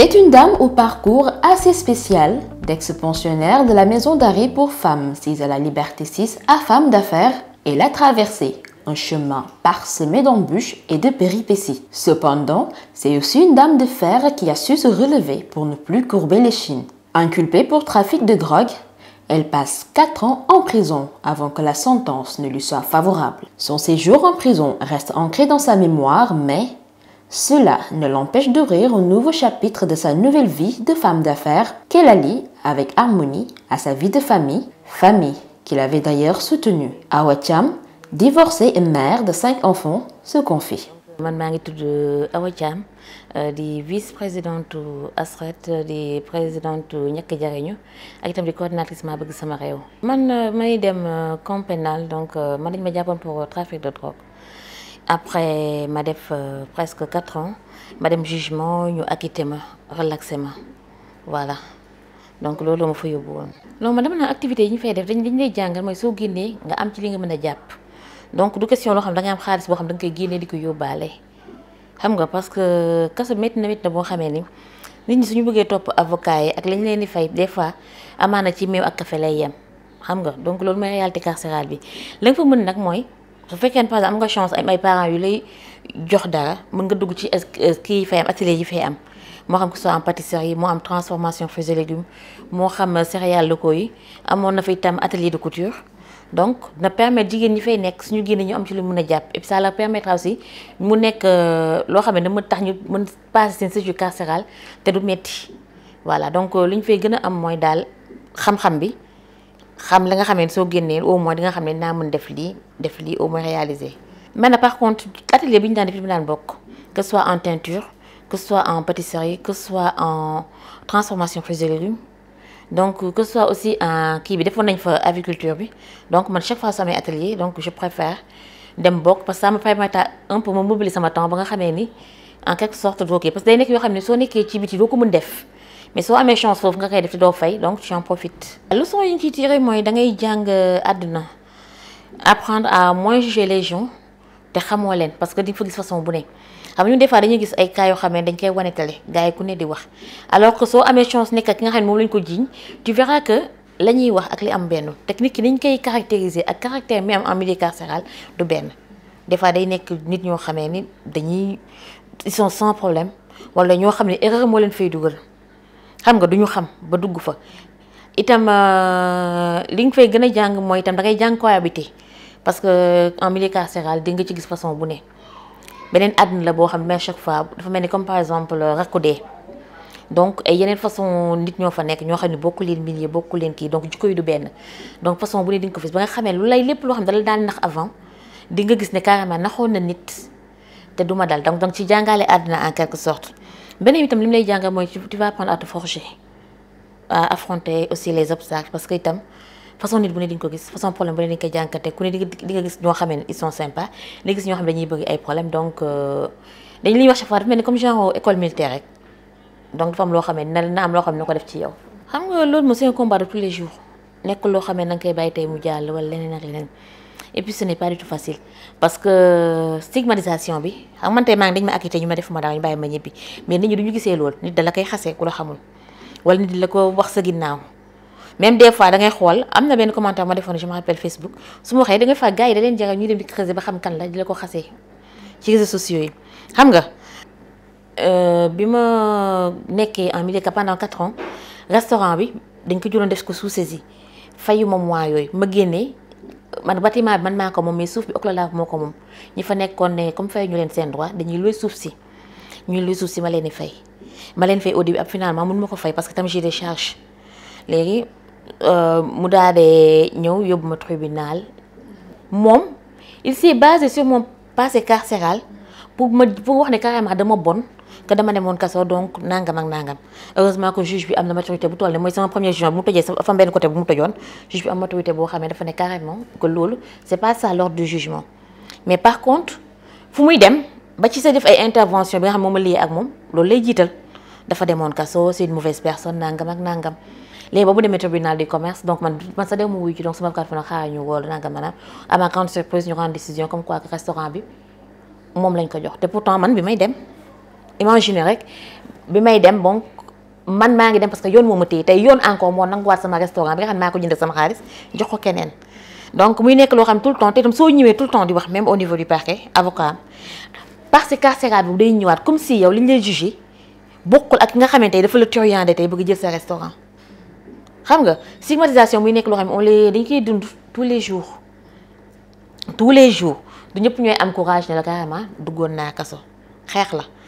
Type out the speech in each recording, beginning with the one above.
C'est une dame au parcours assez spécial, d'ex-pensionnaire de la maison d'arrêt pour femmes, sise à la Liberté 6 à femme d'affaires, et l'a traversée, un chemin parsemé d'embûches et de péripéties. Cependant, c'est aussi une dame de fer qui a su se relever pour ne plus courber les chines. Inculpée pour trafic de drogue, elle passe 4 ans en prison avant que la sentence ne lui soit favorable. Son séjour en prison reste ancré dans sa mémoire, mais cela ne l'empêche d'ouvrir un nouveau chapitre de sa nouvelle vie de femme d'affaires qu'elle allie avec harmonie à sa vie de famille, famille qu'il avait d'ailleurs soutenue. Awatiam, divorcée et mère de cinq enfants, se confie. Je suis ngi euh, Awa euh, vice présidente de euh, di présidente de jariñu ak et coordinatrice de bëgg sama suis man may dem camp donc man dañ ma pour trafic de drogue après ma def euh, presque 4 ans ma dem jugement ñu acquitté ma relaxé ma voilà donc loolu ma fa yóbbu woon. non ma dama naan activité yi ñu fay def dañ dañ lay jàngal mooy soo génnee nga am ci li nga mën a jàpp donc du question loo xam da nga am xaalis boo xam da nga koy génnee di ko yóbbaale. xam nga parce que kaso métti na métti na boo xamee ni nit ñi suñu bëggé top avocat yi ak lañ leen di fay des fois amana ci meew ak café lay yam xam nga donc loolu moy réalité carcérale bi lañ fa mën nak moy su fekkee par exemple am nga chance ay ay parents yu lay jox dara mën nga dugg ci kii yi fay am atelier yi fay am moo xam que soit en pâtisserie moo am transformation fruits et légumes moo xam céréales locaux yi amoon na fi itam atelier de couture donc na permettre jigéen ñi fay nekk suñu génne ñu am ci lu mën a jàpp et puis ça leur permettra aussi mu nekk euh, loo xam ne dama tax ñu mën passé seen séjour carcéral te du metti voilà donc euh, li ñu fay gën a am mooy daal xam-xam bi xam la nga xam so génné au moins di nga xamné na naa mën def li def li au moins réaliser mais par contre atelier bi ñu def fi dan bok que ce soit en teinture que ce soit en pâtisserie que ce soit en transformation fruits et légumes donc que ce soit aussi en qui bi defoon nañ fa aviculture bi donc man chaque fois mes atelier donc je préfère dem bok parce que ça me permet un peu ma mobiliser sama temps ba nga xamee ni en quelque sorte doo kii parce que day nek yo xamné so soo ci biti doo ko mën def mais soo amee chance foofu nga kay def do fay donc tu en profites. leçon yi ci tiré moy da ngay jang aduna euh, apprendre à moins juger les gens te xamoo leen parce que di fa gis façon bu ne xam nga des fois dañuy gis ay cas yoo xam dañ koy wané télé gaay ku ne di wax alors que soo amee chance nekk ki nga xam ne lañ ko jiiñ tu verras que. lañuy wax ak li am benn technique niñ koy caractériser ak caractère mi am en milieu carcéral du benn des fois day nekk nit ñoo xamé ni dañuy ils sont sans problème wala ñoo xamné erreur mo leen fay dugal xam nga duñu xam ba dugg fa itam euh, li nga fay gën a jàng mooy itam da ngay jàng cohabiter parce que euh, en milieu carcéral di nga ci gis façon bu ne beneen àddina la boo xam mais chaque fois dafa mel ni comme par exemple euh, rakku donc ay yeneen façon nit ñoo fa nekk ñoo xam ne bokku leen milieu bokku leen kii donc jikko yi du benn donc façon bu ne di nga ko fis ba nga xamee lu lay lépp loo xam ne dala daan nax avant di nga gis ne carrément naxoon na nit te duma dal donc danga ci jàngale àddina en quelque sorte beneen itam lim lay jàngal moy tu vas apprendre à te forger à affronter aussi les obstacles parce que itam façon nit bu ne di ko gis façon problème bu ne di nga koy ku ne di nga gis ño xamé ils sont sympas di nga gis ñoo xam dañuy bëgg ay problèmes donc euh, dañ li ñuy wax chaque fois dafa comme genre école militaire rek donc fam lo xamé na na am lo xam ko def ci yow. xam nga lool mo c'est un combat de tous les jours nek lo xamé nang kay nga tay mu jàll wala leneen ak leneen et puis ce n'est pas du tout facile parce que stigmatisation bi xam man ngi dañ ma acquitté ñu ma def ma dañ baye ma ñibi mais nit du lool la xamul wala même des fois da ngay xol amna ben commentaire je me rappelle Facebook su ma waxee da ngay je gaay da ñu dem di creuser ba xam kan la di réseaux sociaux yi xam nga. Euh, en pendant 4 ans restaurant bi dañ ko def ko sous fayu man bâtiment man mako mom mais bi fait moko ne comme fay ñu droit dañuy loy souf ci au début finalement fay parce que j'ai des charges euh mu tribunal il s'est basé sur mon passé carcéral pour me pour wax ne carrément dama bonne que dama demoon kaso donc nangam ak nangam heureusement que juge bi am la maturité bu toll ne mooy sama premier juin bu mu tëjee ben am côté bu mu tëjoon juge bi am maturité boo xamee dafa ne carrément que loolu c'est pas ça l'ordre du jugement mais par contre fu muy dem ba ci sa def ay intervention bi nga xam moom a lié ak de loolu lay jiital dafa une mauvaise personne nangam ak nangam les ba mu tribunal de commerce donc man man sa des mouvements donc ci donc sama kàddu fa xaaral ñu woo la nangam à ma grande surprise ñu rend décision comme quoi restaurant bi moom lañ ko jox te pourtant man bi may dem imaginer rek bi may dem bon man ma ngi dem parce que yone moma tey tay yone encore mo nang wat sama restaurant bi nga xam mako ko jënd sama xaliss jox ko keneen donc muy nek lo xam tout le temps te itam soo ñëwee tout le temps di wax même au niveau du parquet avocat parce que carcéral bi day ñëwaat comme si yow liñ lay jugé bokul ak nga xamante ne dafa le turiandé tay bëgg jël sa restaurant xam nga stigmatisation muy nek lo xam on les dañ koy dund tous les jours tous les jours du ñëpp ñoy am courage ne la carrément dugon na kasso xeex la.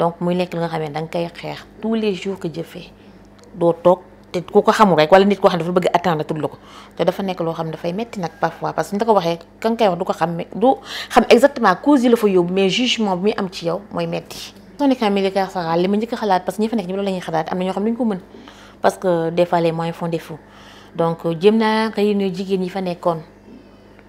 donc muy nekk li nga xam ne da nga xeex tous les jours que Dieu doo toog te ku ko xamul rek wala nit koo xam ne dafa bëgg attendre tudd la ko te dafa nekk loo xam ne dafay metti nag parfois parce que ni ko waxee ka nga koy wax yow mooy metti soo nekkee militaire saxaal li ma a que ñi fa nekk ñi loolu la xalaat am na ñoo xam ne ko mën parce que des fois les moyens font défaut donc jéem naa réunir jigéen ñi fa nekkoon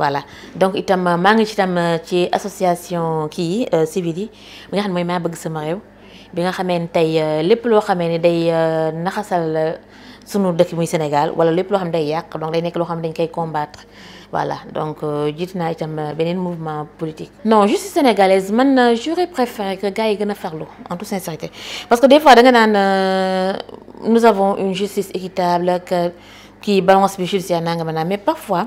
voilà donc itam maa ngi ci tam euh, ci association kii yi euh, bi nga xam ne mooy bëgg sama rew bi nga xamé tay euh, lepp lo xamé ni day naxasal suñu dëkk muy Sénégal wala lepp lo xam day yàq donc day nek lo xam dañ koy combattre voilà donc jittina naa itam benen mouvement politique. non justice sénégalaise man j'aurais préféré que gaay gëna farlo en toute sincérité parce que des fois da nga nan nous avons une justice équitable que balance bi judiciaire nangam mais parfois.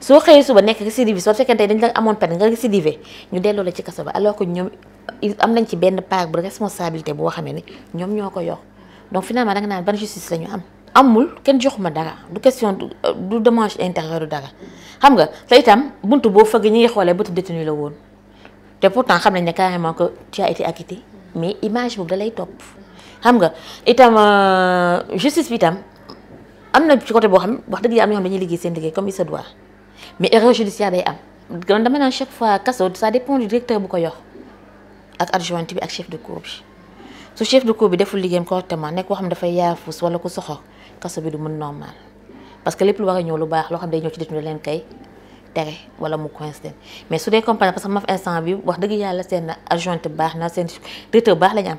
soo xëyee suba nekk récidive soo tay dañ la amone pen nga récidive ñu delloo la ci kasso ba alors que ñom am nañ ci benn part bu responsabilité bu xamee ni ñom ñoko yox donc finalement da nga naan ban justice lañu am. amul ken joxuma dara du question du démanche intérieur du dara xam nga tay tam buntu bo fëgg ñi xolé bu bëtu détenu la woon té pourtant xam nañ né carrément que tu as été acquitté mais image bu dalay top xam nga itam euh, justice bi itam amna ci côté bo xam wax dëgg yàlla am ñoo xam dañuy liggéey seen liggéey comme il se doit mais erreur judiciaire day am kon dama naan chaque fois kasso ça dépend du directeur bu ko yox ak adjoint bi ak chef de cour bi su chef de cour bi deful liggéeyam correctement nek ko xam da fay yaafus wala ko soxo kasso bi du mën normal parce que lepp lu wara a lu bax lo xam day ñëw ci détenu len kay téré wala mu coïncide mais su dee compagnie parce que ma instant bi wax deug yalla sen adjoint baax na seen directeur baax lañu am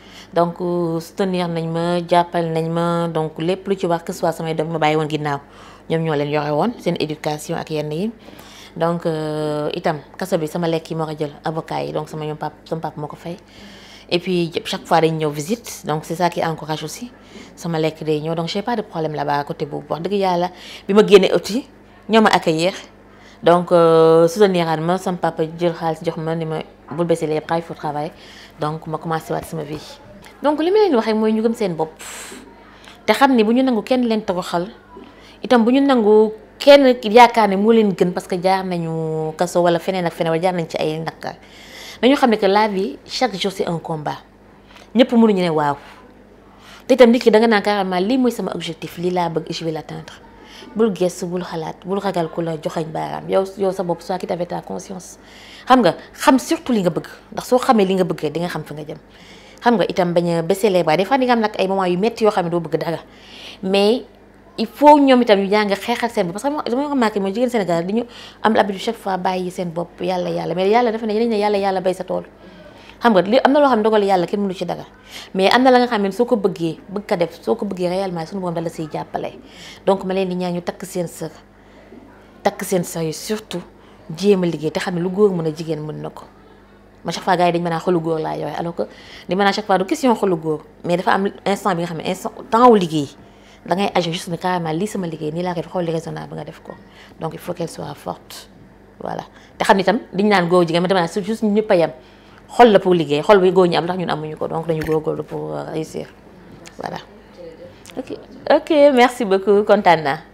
donc euh, soutenir nañma jappel nañma donc lepp lu ci wax que soit samay doom ma ginnaw ñom ginnaaw ñoom ñoo leen yore woon seen éducation ak yenn yi donc euh, itam kaso bi sama lek yi moo ko jël avocat yi donc sama ñom pap sama pap moko fay et puis chaque fois dañ ñëw visite donc c'est ça qui encourage aussi sama lek day ñeu donc j'ai pas de problème là-bas à côté boobu wax dëgg yàlla bima génné auti ñoma ñoo accueillir donc euh, soutenir aan ma sama papa jël xaalis jox ma ni ma bul baisser les bras il faut travailler donc ma commencé waat sama vie donc li ma leen waxee mooy ñu gëm seen bopp te xam nangu kenn leen toroxal itam bu nangu kenn yaakaar ne moo leen gën parce que jaar nañu kaso wala feneen ak feneen wala jaar nañ ci ay naqar nañu xam ne que la vie chaque jour c'est un combat waaw nit ki da nga naan carrément lii mooy sama objectif lii laa bëgg je vais l'atteindre bul gestu bul xalaat bul ragal ku la joxañ baaraam yow yow sa bopp soit qui t'avait ta conscience xam nga xam surtout li nga bëgg ndax li nga bëgg di nga xam fi nga jëm xam nga itam bañ a baissé ba des fois di nga am nag ay moment yu métti yoo xam ne doo bëgg dara mais il faut ñoom itam ñu jàng xeexal seen bopp parce que dama remarqué mooy jigéen Sénégal dañu am seen bopp yàlla yàlla mais yàlla dafa yàlla yàlla bay sa tool xam nga li am na loo xam ne dogal yàlla kenn mënu ci dara mais am na la nga xam ne soo ko bëggee bëgg ko def soo ko bëggee réellement suñu borom dala siy jàppale donc ma leen di ñaan ñu takk seen sër takk seen sër yi surtout jéem a liggéey te xam ne lu góor mën a jigéen mën na ko chaque fois gars alors que chaque fois mais dafa am instant instant temps da ngay raisonnable donc il faut qu'elle soit forte voilà te xamni ne liñ dama juste xol la pour xol pour euh, réussir voilà ok merci beaucoup Contana.